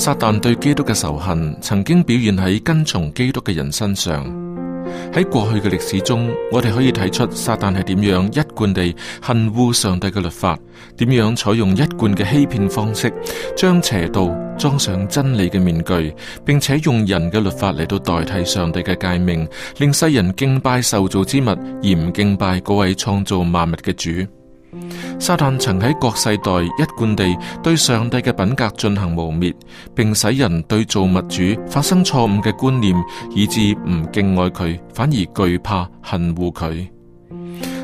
撒旦對基督嘅仇恨，曾經表現喺跟從基督嘅人身上。喺過去嘅歷史中，我哋可以睇出撒旦係點樣一貫地恨惡上帝嘅律法，點樣採用一貫嘅欺騙方式，將邪道裝上真理嘅面具，並且用人嘅律法嚟到代替上帝嘅誡命，令世人敬拜受造之物，而唔敬拜嗰位創造萬物嘅主。撒旦曾喺各世代一貫地對上帝嘅品格進行污衊，並使人對造物主發生錯誤嘅觀念，以致唔敬愛佢，反而懼怕恨惡佢。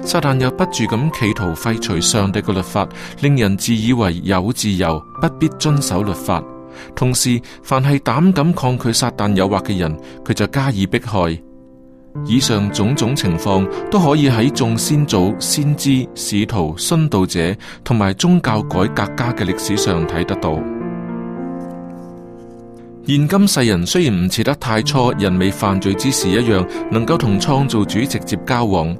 撒旦又不住咁企圖廢除上帝嘅律法，令人自以為有自由，不必遵守律法。同時，凡係膽敢抗拒撒旦誘惑嘅人，佢就加以迫害。以上種種情況都可以喺眾先祖、先知、使徒、殉道者同埋宗教改革家嘅歷史上睇得到。現今世人雖然唔似得太初人未犯罪之時一樣，能夠同創造主直接交往，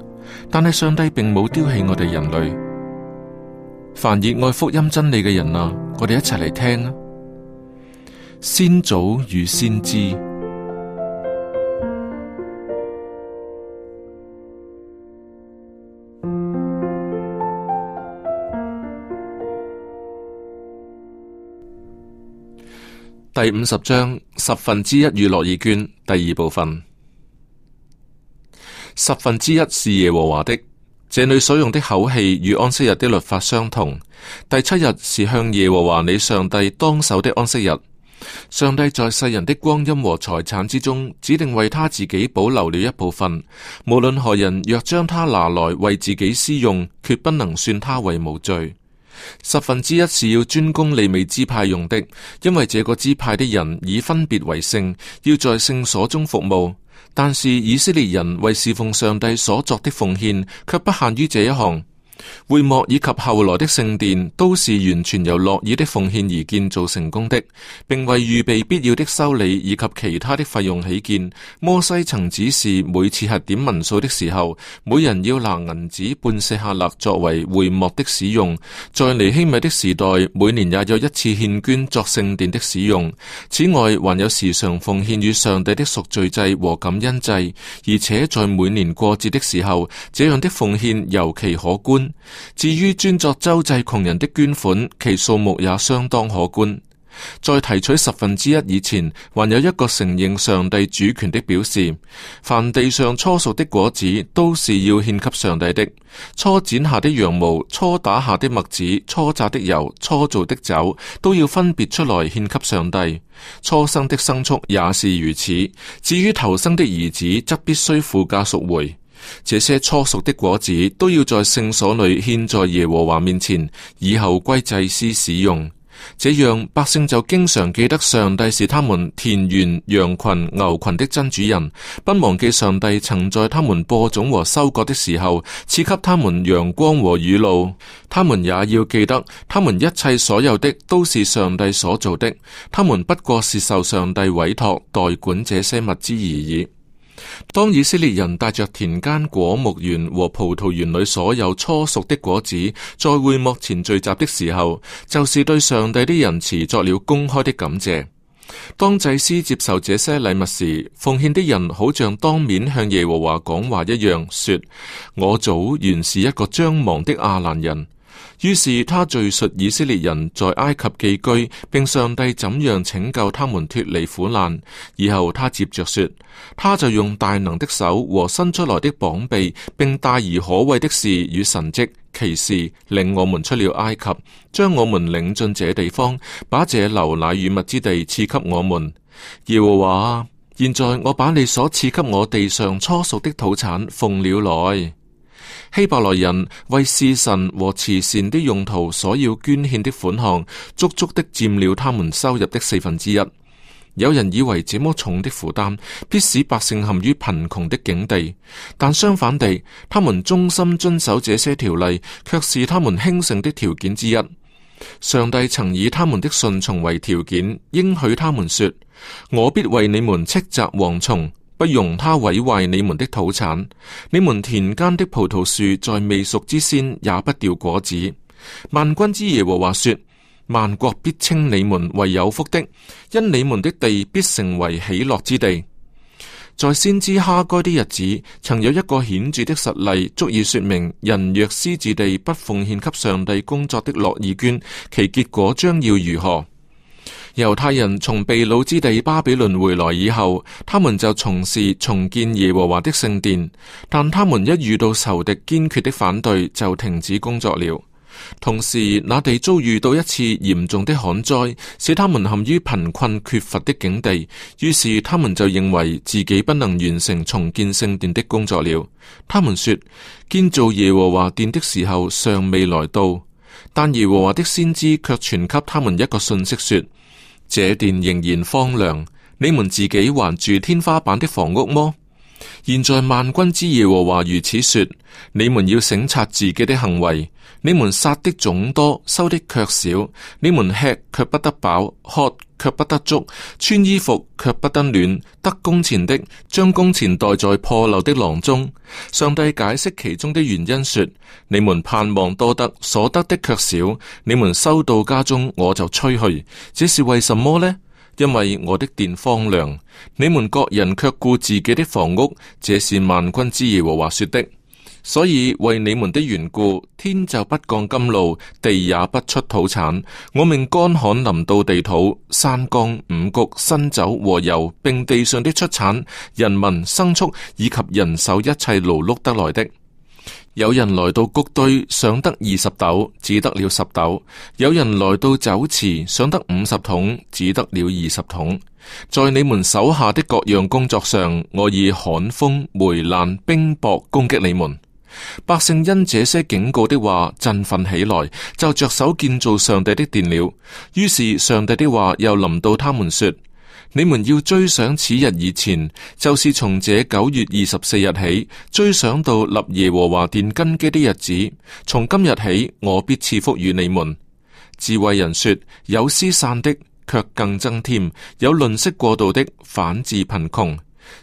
但係上帝并冇丟棄我哋人類。凡熱愛福音真理嘅人啊，我哋一齊嚟聽啊！先祖與先知。第五十章，十分之一與樂意捐，第二部分，十分之一是耶和華的。這裏所用的口氣與安息日的律法相同。第七日是向耶和華你上帝當守的安息日。上帝在世人的光陰和財產之中，指定為他自己保留了一部分。無論何人若將它拿來為自己私用，決不能算它為無罪。十分之一是要專供利未支派用的，因為這個支派的人以分別為聖，要在聖所中服務。但是以色列人為侍奉上帝所作的奉獻，卻不限於這一項。會幕以及後來的聖殿都是完全由樂意的奉獻而建造成功的，並為預備必要的修理以及其他的費用起見，摩西曾指示每次核點民數的時候，每人要拿銀子半舍客勒作為會幕的使用。在尼希米的時代，每年也有一次獻捐作聖殿的使用。此外，還有時常奉獻於上帝的贖罪祭和感恩祭。而且在每年過節的時候，這樣的奉獻尤其可觀。至於專作周濟窮人的捐款，其數目也相當可觀。在提取十分之一以前，還有一個承認上帝主權的表示。凡地上初熟的果子，都是要獻給上帝的。初剪下的羊毛、初打下的麥子、初榨的油、初造的酒，都要分別出來獻給上帝。初生的牲畜也是如此。至於頭生的兒子，則必須付價贖回。這些初熟的果子都要在聖所裏獻在耶和華面前，以後歸祭司使用。這樣百姓就經常記得上帝是他們田園、羊群、牛群的真主人，不忘記上帝曾在他們播種和收割的時候賜給他們陽光和雨露。他們也要記得，他們一切所有的都是上帝所做的，他們不過是受上帝委託代管這些物資而已。當以色列人帶着田間果木園和葡萄園裏所有初熟的果子，在會幕前聚集的時候，就是對上帝的仁慈作了公開的感謝。當祭司接受這些禮物時，奉獻的人好像當面向耶和華講話一樣，說：我祖原是一個將亡的亞蘭人。於是他敘述以色列人在埃及寄居，並上帝怎樣拯救他們脫離苦難。以後他接着說：他就用大能的手和伸出來的膀臂，並大而可畏的事與神蹟，奇事領我們出了埃及，將我們領進這地方，把這流奶與蜜之地賜給我們。耶和華，現在我把你所賜給我地上初熟的土產奉了來。希伯來人為侍神和慈善的用途所要捐獻的款項，足足的佔了他們收入的四分之一。有人以為這麼重的負擔，必使百姓陷於貧窮的境地。但相反地，他們衷心遵守這些條例，卻是他們興盛的條件之一。上帝曾以他們的信從為條件，應許他們說：我必為你們斥責蝗蟲。不容他毀壞你們的土產，你們田間的葡萄樹在未熟之先也不掉果子。萬軍之耶和華說：萬國必稱你們為有福的，因你們的地必成為喜樂之地。在先知哈該的日子，曾有一個顯著的實例，足以說明人若私自地不奉獻給上帝工作的樂意捐，其結果將要如何？猶太人從被擄之地巴比倫回來以後，他們就從事重建耶和華的聖殿。但他們一遇到仇敵堅決的反對，就停止工作了。同時，那地遭遇到一次嚴重的旱災，使他們陷於貧困缺乏的境地。於是他們就認為自己不能完成重建聖殿的工作了。他們說，建造耶和華殿的時候尚未來到，但耶和華的先知卻傳給他們一個信息，說。這殿仍然荒涼，你們自己還住天花板的房屋麼？現在萬軍之耶和華如此說：你們要省察自己的行為。你們撒的種多，收的卻少；你們吃卻不得飽，喝卻不得足，穿衣服卻不得暖。得工錢的，將工錢袋在破漏的囊中。上帝解釋其中的原因說：你們盼望多得，所得的卻少；你們收到家中，我就吹去。這是為什麼呢？因為我的殿荒涼，你們各人卻顧自己的房屋。這是萬軍之耶和華說的。所以為你們的緣故，天就不降甘露，地也不出土產。我命乾旱臨到地土、山岡、五穀、新酒和油，並地上的出產、人民牲畜以及人手一切勞碌得來的。有人來到穀堆，想得二十斗，只得了十斗；有人來到酒池，想得五十桶，只得了二十桶。在你們手下的各樣工作上，我以旱風、霉爛、冰雹攻擊你們。百姓因這些警告的話振奮起來，就着手建造上帝的殿了。於是上帝的話又臨到他們說：你們要追想此日以前，就是從這九月二十四日起，追想到立耶和華殿根基的日子。從今日起，我必賜福與你們。智慧人說：有施散的，卻更增添；有吝惜過度的，反致貧窮。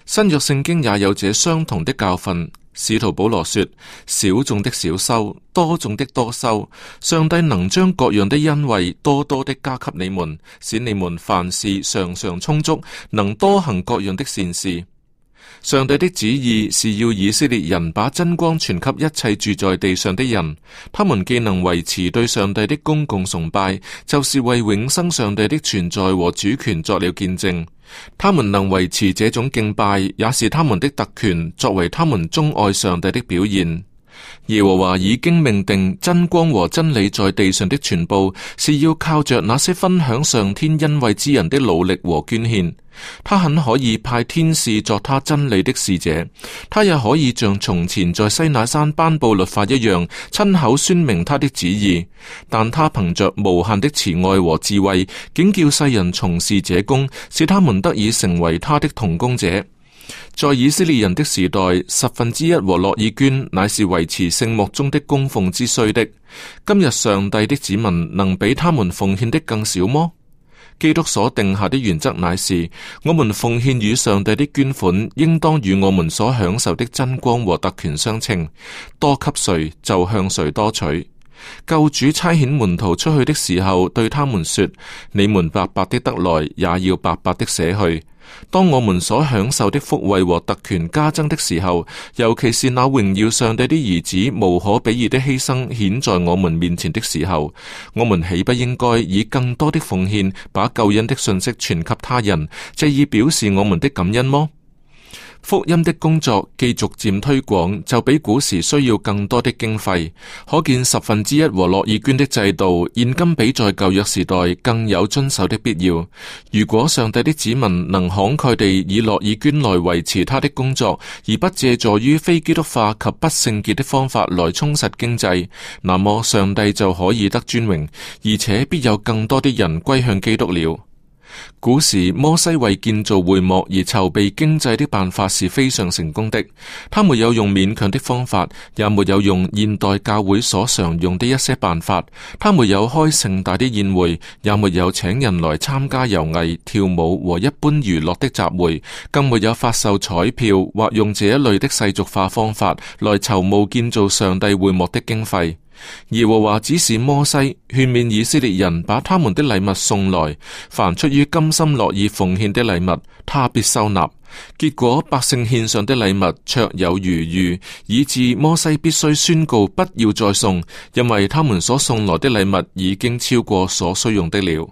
新約聖經也有這相同的教訓。使徒保羅說：少種的少收，多種的多收。上帝能將各樣的恩惠多多的加給你們，使你們凡事常常充足，能多行各樣的善事。上帝的旨意是要以色列人把真光傳給一切住在地上的人。他們既能維持對上帝的公共崇拜，就是為永生上帝的存在和主權作了見證。他們能維持這種敬拜，也是他們的特權，作為他們鍾愛上帝的表現。耶和華已經命定真光和真理在地上的全部，是要靠着那些分享上天恩惠之人的努力和捐獻。他很可以派天使作他真理的使者，他也可以像從前在西乃山頒布律法一樣，親口宣明他的旨意。但他憑着無限的慈愛和智慧，竟叫世人從事這工，使他們得以成為他的同工者。在以色列人的時代，十分之一和樂意捐乃是維持聖幕中的供奉之需的。今日上帝的子民能比他們奉獻的更少麼？基督所定下的原則乃是：我們奉獻與上帝的捐款，應當與我們所享受的真光和特權相稱。多給誰，就向誰多取。救主差遣門徒出去的時候，對他們說：你們白白的得來，也要白白的捨去。當我們所享受的福惠和特權加增的時候，尤其是那榮耀上帝的兒子無可比擬的犧牲顯在我們面前的時候，我們豈不應該以更多的奉獻，把救恩的信息傳給他人，借以表示我們的感恩麼？福音的工作既逐漸推廣，就比古時需要更多的經費，可見十分之一和樂意捐的制度，現今比在舊約時代更有遵守的必要。如果上帝的子民能慷慨地以樂意捐來維持他的工作，而不借助於非基督化及不聖潔的方法來充實經濟，那麼上帝就可以得尊榮，而且必有更多的人歸向基督了。古時摩西為建造會幕而籌備經濟的辦法是非常成功的。他沒有用勉強的方法，也沒有用現代教會所常用的一些辦法。他沒有開盛大的宴會，也沒有請人來參加遊藝、跳舞和一般娛樂的集會，更沒有發售彩票，或用這一類的世俗化方法來籌募建造上帝會幕的經費。耶和華指示摩西勸勉以色列人把他們的禮物送來，凡出於甘心樂意奉獻的禮物，他必收納。結果百姓獻上的禮物綽有餘裕，以致摩西必須宣告不要再送，因為他們所送來的禮物已經超過所需用的了。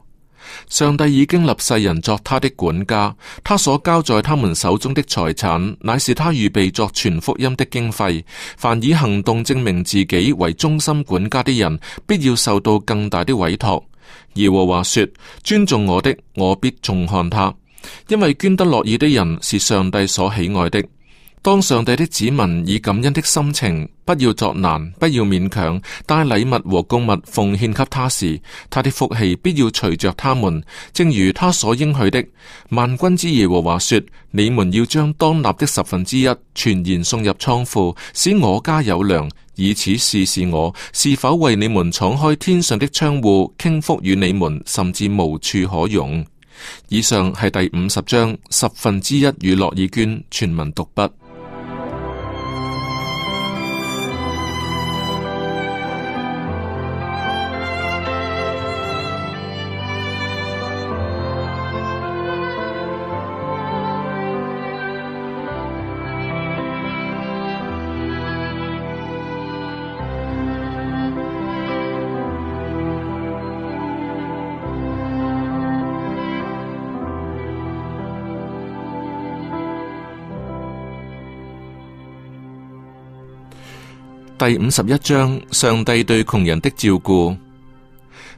上帝已經立世人作他的管家，他所交在他們手中的財產，乃是他預備作全福音的經費。凡以行動證明自己為中心管家的人，必要受到更大的委託。耶和華說：尊重我的，我必重看他，因為捐得樂意的人是上帝所喜愛的。當上帝的子民以感恩的心情，不要作難，不要勉強，帶禮物和供物奉獻給他時，他的福氣必要隨着他們，正如他所應許的。萬軍之耶和華說：你們要將當納的十分之一全然送入倉庫，使我家有糧，以此試試我，是否為你們敞開天上的窗戶，傾福與你們，甚至無處可容。以上係第五十章，十分之一與樂意捐，全文讀不。第五十一章，上帝對窮人的照顧，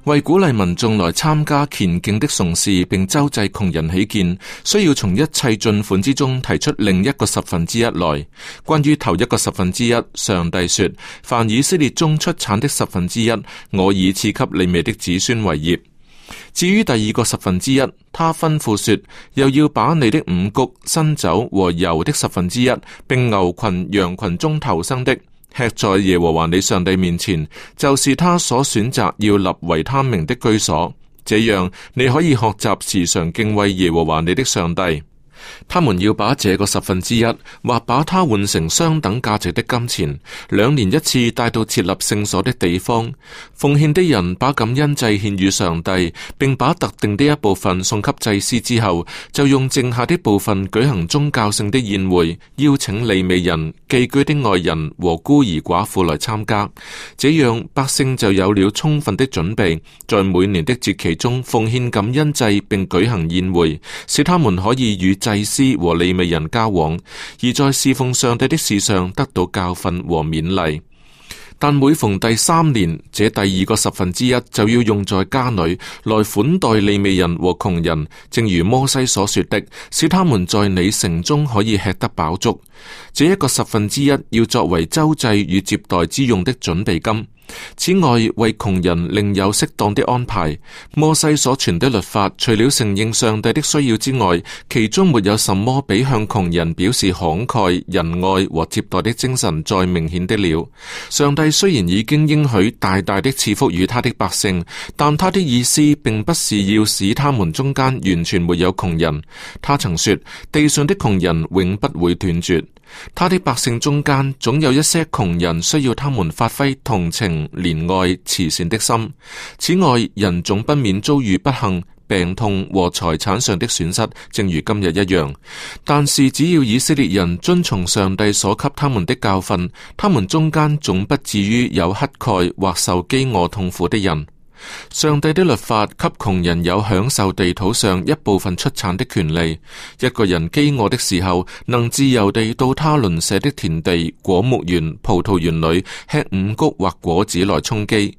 為鼓勵民眾來參加虔敬的崇事，並周濟窮人起見，需要從一切進款之中提出另一個十分之一來。關於頭一個十分之一，上帝說：，凡以色列中出產的十分之一，我已賜給利未的子孫為業。至於第二個十分之一，他吩咐說：，又要把你的五谷、新酒和油的十分之一，並牛群、羊群中頭生的。吃在耶和華你上帝面前，就是他所選擇要立為他名的居所。這樣，你可以學習時常敬畏耶和華你的上帝。他們要把這個十分之一或把它換成相等價值的金錢，兩年一次帶到設立聖所的地方奉獻的人，把感恩祭獻予上帝，並把特定的一部分送給祭司之後，就用剩下的部分舉行宗教性的宴會，邀請利未人寄居的外人和孤兒寡婦來參加。這樣百姓就有了充分的準備，在每年的節期中奉獻感恩祭，並舉行宴會，使他們可以與祭。祭司和利未人交往，而在侍奉上帝的事上得到教訓和勉勵。但每逢第三年，這第二個十分之一就要用在家裏，來款待利未人和窮人，正如摩西所說的，使他們在你城中可以吃得飽足。這一個十分之一要作為周濟與接待之用的準備金。此外，為窮人另有適當的安排。摩西所傳的律法，除了承認上帝的需要之外，其中沒有什麼比向窮人表示慷慨、仁愛和接待的精神再明顯的了。上帝雖然已經應許大大的賜福於他的百姓，但他的意思並不是要使他們中間完全沒有窮人。他曾說：地上的窮人永不會斷絕。他的百姓中間總有一些窮人需要他們發揮同情、憐愛、慈善的心。此外，人總不免遭遇不幸、病痛和財產上的損失，正如今日一樣。但是，只要以色列人遵從上帝所給他們的教訓，他們中間總不至於有乞丐或受飢餓痛苦的人。上帝的律法給窮人有享受地土上一部分出產的權利。一個人飢餓的時候，能自由地到他鄰舍的田地、果木園、葡萄園裏吃五穀或果子來充飢。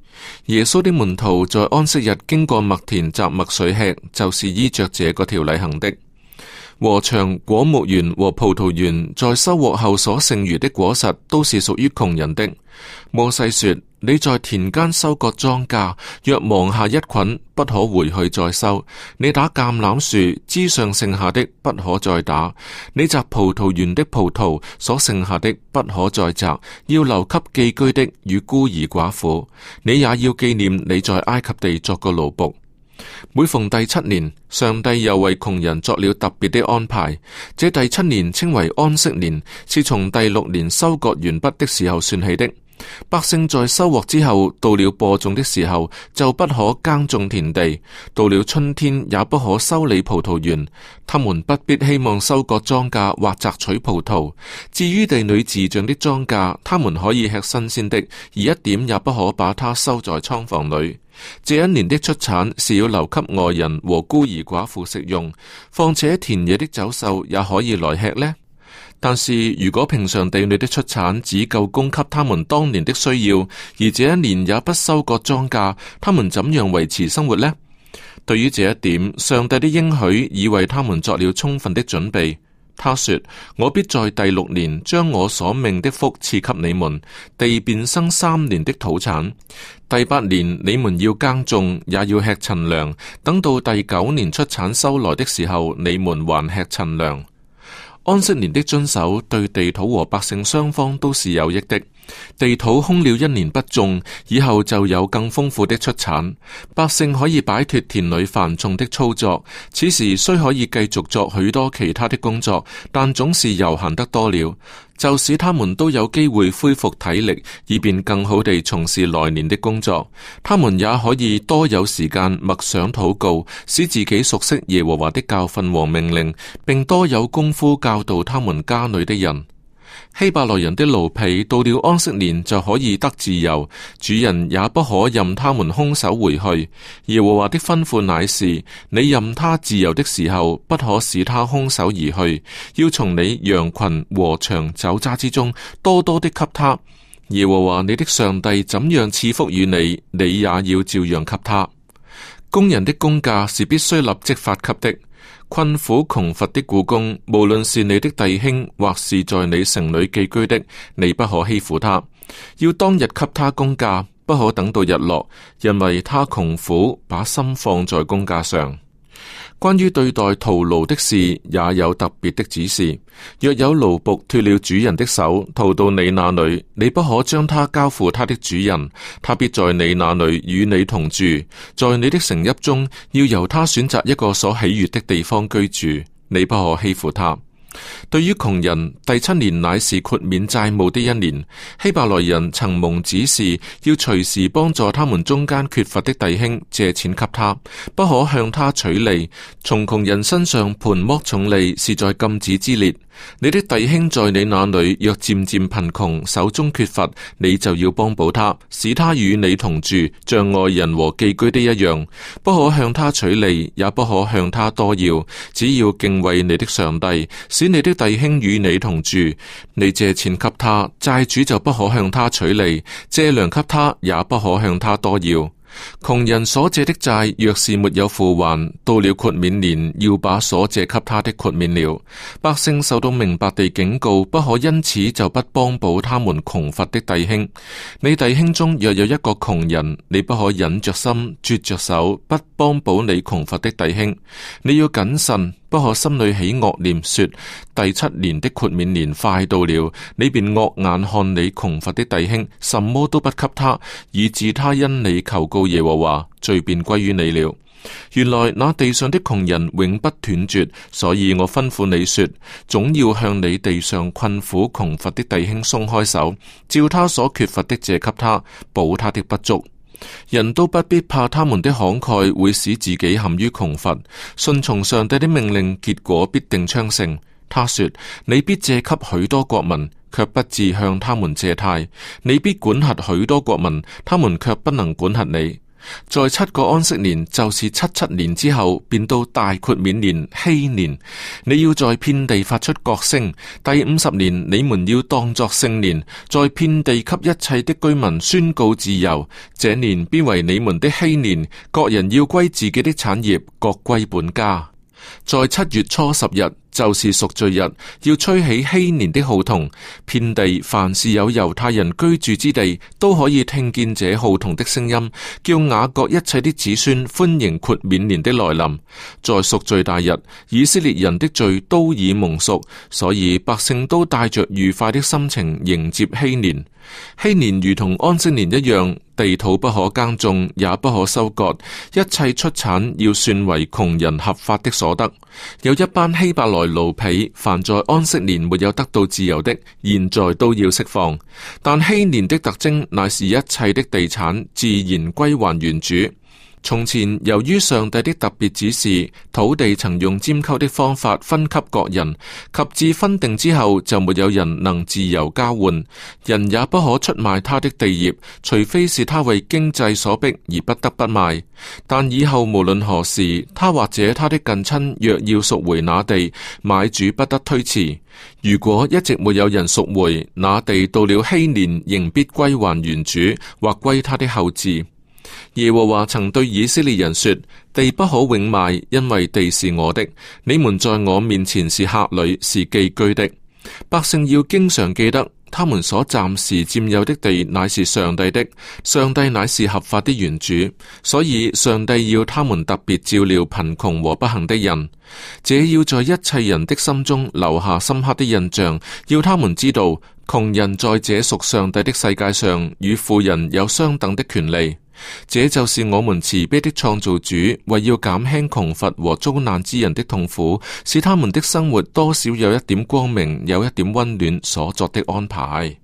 耶穌的門徒在安息日經過麥田摘麥穗吃，就是依着這個條例行的。禾場、果木園和葡萄園在收穫後所剩餘的果實，都是屬於窮人的。摩西說。你在田間收割莊稼，若忘下一捆，不可回去再收；你打橄欖樹枝上剩下的，不可再打；你摘葡萄園的葡萄，所剩下的不可再摘，要留給寄居的與孤兒寡婦。你也要紀念你在埃及地作過奴僕。每逢第七年，上帝又為窮人作了特別的安排，這第七年稱為安息年，是從第六年收割完畢的時候算起的。百姓在收穫之後，到了播種的時候，就不可耕種田地；到了春天，也不可修理葡萄園。他們不必希望收割莊稼或摘取葡萄。至於地裏自長的莊稼，他們可以吃新鮮的，而一點也不可把它收在倉房裏。這一年的出產是要留給外人和孤兒寡婦食用。況且田野的走獸也可以來吃呢。但是如果平常地裏的出產只夠供給他們當年的需要，而這一年也不收割莊稼，他們怎樣維持生活呢？對於這一點，上帝的應許已為他們作了充分的準備。他說：我必在第六年將我所命的福賜給你們，地便生三年的土產；第八年你們要耕種，也要吃陳糧；等到第九年出產收來的時候，你們還吃陳糧。安息年的遵守，對地土和百姓雙方都是有益的。地土空了一年不種，以後就有更豐富的出產，百姓可以擺脫田裏繁重的操作。此時雖可以繼續作許多其他的工作，但總是悠閒得多了，就使他們都有機會恢復體力，以便更好地從事來年的工作。他們也可以多有時間默想禱告，使自己熟悉耶和華的教訓和命令，並多有功夫教導他們家裏的人。希伯來人的奴婢到了安息年就可以得自由，主人也不可任他們空手回去。耶和華的吩咐乃是：你任他自由的時候，不可使他空手而去，要從你羊群和長酒渣之中多多的給他。耶和華你的上帝怎樣賜福於你，你也要照樣給他。工人的工價是必須立即發給的。困苦窮乏的僱工，無論是你的弟兄或是在你城裏寄居的，你不可欺負他，要當日給他工價，不可等到日落，因為他窮苦，把心放在工價上。關於對待逃奴的事，也有特別的指示。若有奴僕脫了主人的手，逃到你那裏，你不可將他交付他的主人，他必在你那裏與你同住，在你的城邑中，要由他選擇一個所喜悅的地方居住，你不可欺負他。對於窮人，第七年乃是豁免債務的一年。希伯來人曾蒙指示，要隨時幫助他們中間缺乏的弟兄，借錢給他，不可向他取利。從窮人身上盤剝重利，是在禁止之列。你的弟兄在你那裏若漸漸貧窮，手中缺乏，你就要幫補他，使他與你同住，像外人和寄居的一樣。不可向他取利，也不可向他多要。只要敬畏你的上帝，使你的弟兄與你同住。你借錢給他，債主就不可向他取利；借糧給他，也不可向他多要。窮人所借的債，若是沒有付還，到了豁免年，要把所借給他的豁免了。百姓受到明白地警告，不可因此就不幫補他們窮乏的弟兄。你弟兄中若有一個窮人，你不可忍着心、絕着手，不幫補你窮乏的弟兄。你要謹慎。不可心裏起惡念，說第七年的豁免年快到了，你便惡眼看你窮乏的弟兄，什麼都不給他，以致他因你求告耶和華，罪便歸於你了。原來那地上的窮人永不斷絕，所以我吩咐你說，總要向你地上困苦窮乏的弟兄鬆開手，照他所缺乏的借給他，補他的不足。人都不必怕他們的慷慨會使自己陷於窮乏。信從上帝的命令，結果必定昌盛。他說：你必借給許多國民，卻不至向他們借貸；你必管轄許多國民，他們卻不能管轄你。在七個安息年，就是七七年之後，便到大豁免年禧年。你要在遍地發出角聲。第五十年，你們要當作聖年，在遍地給一切的居民宣告自由。這年便為你們的禧年，各人要歸自己的產業，各歸本家。在七月初十日。就是贖罪日，要吹起禧年的號筒，遍地凡是有猶太人居住之地，都可以聽見這號筒的聲音，叫雅各一切的子孫歡迎豁免年的來臨。在贖罪大日，以色列人的罪都已蒙贖，所以百姓都帶着愉快的心情迎接禧年。禧年如同安息年一樣，地土不可耕種，也不可收割，一切出產要算為窮人合法的所得。有一班希伯來奴婢，凡在安息年沒有得到自由的，現在都要釋放。但禧年的特徵，乃是一切的地產自然歸還原主。從前由於上帝的特別指示，土地曾用拈鬮的方法分給各人，及至分定之後，就沒有人能自由交換，人也不可出賣他的地業，除非是他為經濟所逼而不得不賣。但以後無論何時他或者他的近親若要贖回那地，買主不得推辭，如果一直沒有人贖回，那地到了禧年，仍必歸還原主或歸他的後嗣。耶和華曾對以色列人說：地不可永賣，因為地是我的。你們在我面前是客旅，是寄居的。百姓要經常記得，他們所暫時佔有的地乃是上帝的，上帝乃是合法的原主。所以上帝要他們特別照料貧窮和不幸的人。這要在一切人的心中留下深刻的印象，要他們知道。窮人在這屬上帝的世界上，與富人有相等的權利。這就是我們慈悲的創造主，為要減輕窮乏和遭難之人的痛苦，使他們的生活多少有一點光明，有一點溫暖所作的安排。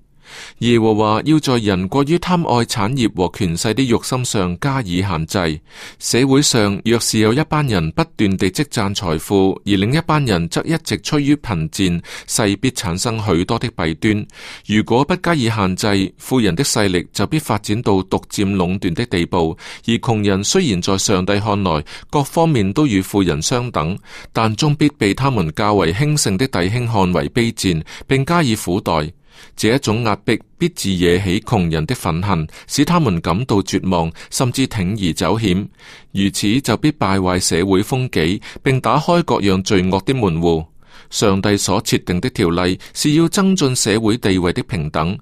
耶和華要在人過於貪愛產業和權勢的肉心上加以限制。社會上若是有一班人不斷地積攢財富，而另一班人則一直趨於貧賤，勢必產生許多的弊端。如果不加以限制，富人的勢力就必發展到獨占壟斷的地步，而窮人雖然在上帝看來各方面都與富人相等，但終必被他們較為興盛的弟兄看為卑賤，並加以苦待。這種壓迫必致惹起窮人的憤恨，使他們感到絕望，甚至鋌而走險。如此就必敗壞社會風紀，並打開各樣罪惡的門戶。上帝所設定的條例是要增進社會地位的平等。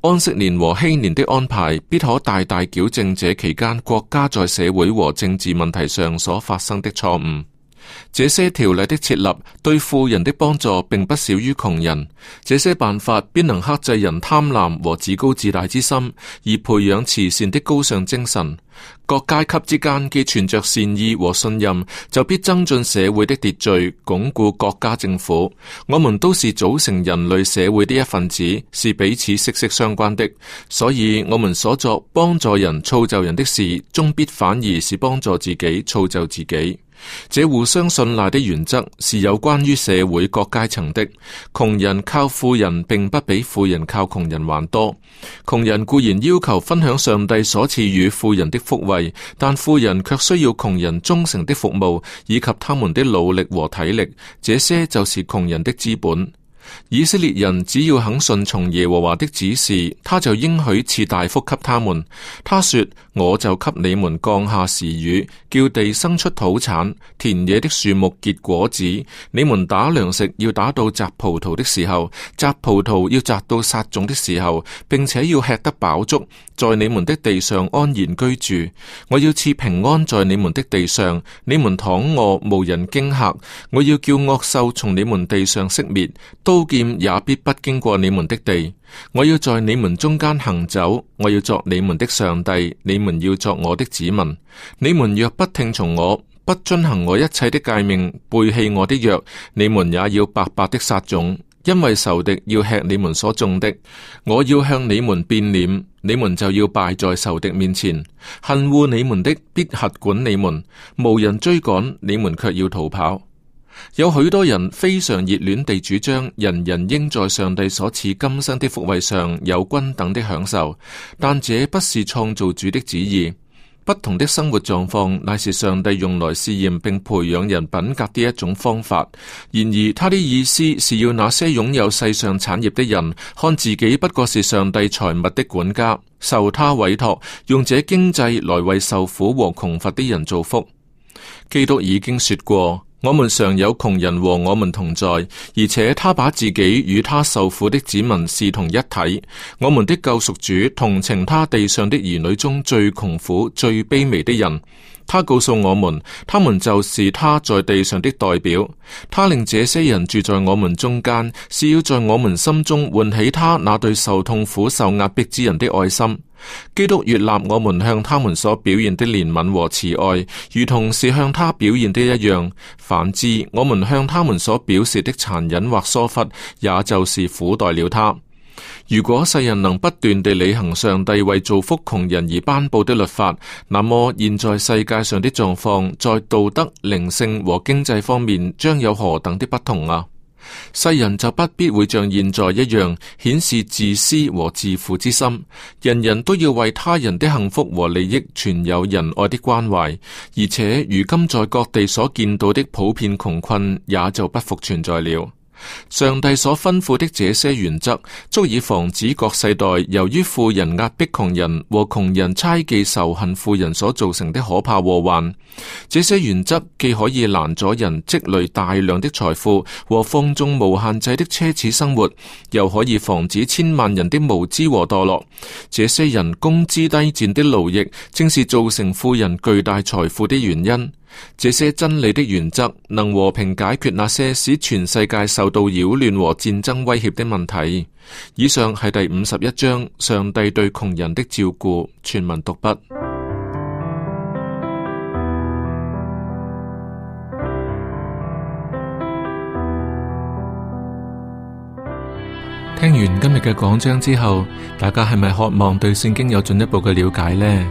安息年和禧年的安排，必可大大矯正這期間國家在社會和政治問題上所發生的錯誤。這些條例的設立對富人的幫助並不少於窮人。這些辦法必能克制人貪婪和自高自大之心，而培養慈善的高尚精神。各階級之間既存着善意和信任，就必增進社會的秩序，鞏固國家政府。我們都是組成人類社會的一份子，是彼此息息相關的。的所以，我們所作幫助人、造就人的事，終必反而是幫助自己、造就自己。這互相信賴的原則是有關於社會各階層的。窮人靠富人，並不比富人靠窮人還多。窮人固然要求分享上帝所賜予富人的福惠，但富人卻需要窮人忠誠的服務以及他們的努力和體力，這些就是窮人的資本。以色列人只要肯順從耶和華的指示，他就應許賜大福給他們。他說：我就給你們降下時雨，叫地生出土產，田野的樹木結果子。你們打糧食要打到摘葡萄的時候，摘葡萄要摘到撒種的時候，並且要吃得飽足。在你們的地上安然居住，我要賜平安在你們的地上。你們躺臥無人驚嚇，我要叫惡獸從你們地上熄滅，刀劍也必不經過你們的地。我要在你們中間行走，我要作你們的上帝，你們要作我的子民。你們若不聽從我，不遵行我一切的誡命，背棄我的約，你們也要白白的殺種。因為仇敵要吃你們所種的，我要向你們變臉，你們就要敗在仇敵面前。恨惡你們的必轄管你們，無人追趕，你們却要逃跑。有許多人非常熱戀地主張，人人應在上帝所賜今生的福惠上有均等的享受，但這不是創造主的旨意。不同的生活狀況，乃是上帝用來試驗並培養人品格的一種方法。然而，他的意思是要那些擁有世上產業的人，看自己不過是上帝財物的管家，受他委託用這經濟來為受苦和窮乏的人造福。基督已經說過。我們常有窮人和我們同在，而且他把自己與他受苦的子民視同一體。我們的救贖主同情他地上的兒女中最窮苦、最卑微的人。他告訴我們，他們就是他在地上的代表。他令這些人住在我們中間，是要在我們心中喚起他那對受痛苦、受壓迫之人的愛心。基督悅納我們向他們所表現的憐憫和慈愛，如同是向他表現的一樣；反之，我們向他們所表示的殘忍或疏忽，也就是苦待了他。如果世人能不斷地履行上帝為造福窮人而頒布的律法，那麼現在世界上的狀況在道德、靈性和經濟方面將有何等的不同啊？世人就不必會像現在一樣顯示自私和自負之心，人人都要為他人的幸福和利益存有仁愛的關懷，而且如今在各地所見到的普遍窮困也就不復存在了。上帝所吩咐的這些原則，足以防止各世代由於富人壓迫窮人和窮人猜忌仇恨富人所造成的可怕禍患。這些原則既可以攔阻人積累大量的財富和放縱無限制的奢侈生活，又可以防止千萬人的無知和墮落。這些人工資低賤的勞役，正是造成富人巨大財富的原因。這些真理的原則，能和平解決那些使全世界受到擾亂和戰爭威脅的問題。以上係第五十一章上帝對窮人的照顧，全文讀畢。聽完今日嘅講章之後，大家係咪渴望對聖經有進一步嘅了解呢？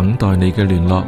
等待你嘅聯絡。